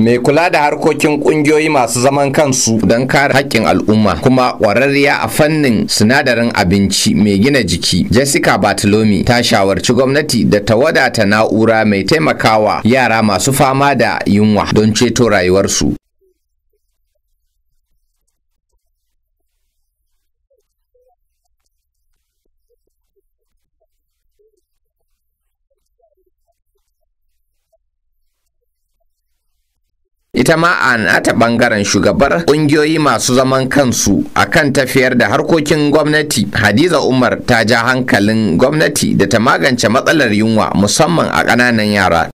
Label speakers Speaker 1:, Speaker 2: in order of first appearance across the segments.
Speaker 1: mai kula da harkokin kungiyoyi masu zaman kansu don kare haƙƙin al'umma kuma ƙwararriya a fannin sinadarin abinci mai gina jiki jessica bartolome ta shawarci gwamnati da ta wadata na'ura mai taimakawa yara masu fama da yunwa don ceto rayuwarsu ita ma a nata bangaren shugabar kungiyoyi masu zaman kansu a kan tafiyar da harkokin gwamnati hadiza umar ta ja hankalin gwamnati da ta magance matsalar yunwa musamman a ƙananan yara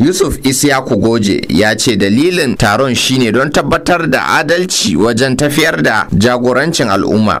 Speaker 1: Yusuf Isiyaku Goje ya ce dalilin taron shine don tabbatar da adalci wajen tafiyar da jagorancin al'umma.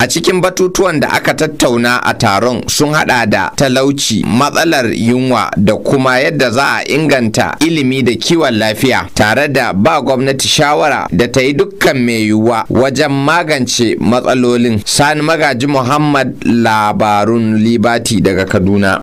Speaker 1: A cikin batutuwan da aka tattauna a taron sun hada da talauci, matsalar yunwa da kuma yadda za a inganta ilimi da kiwon lafiya tare da ba gwamnati shawara da ta yi dukkan mai yiwuwa wajen magance matsalolin. Sani Magaji Muhammad labarun Libati daga Kaduna.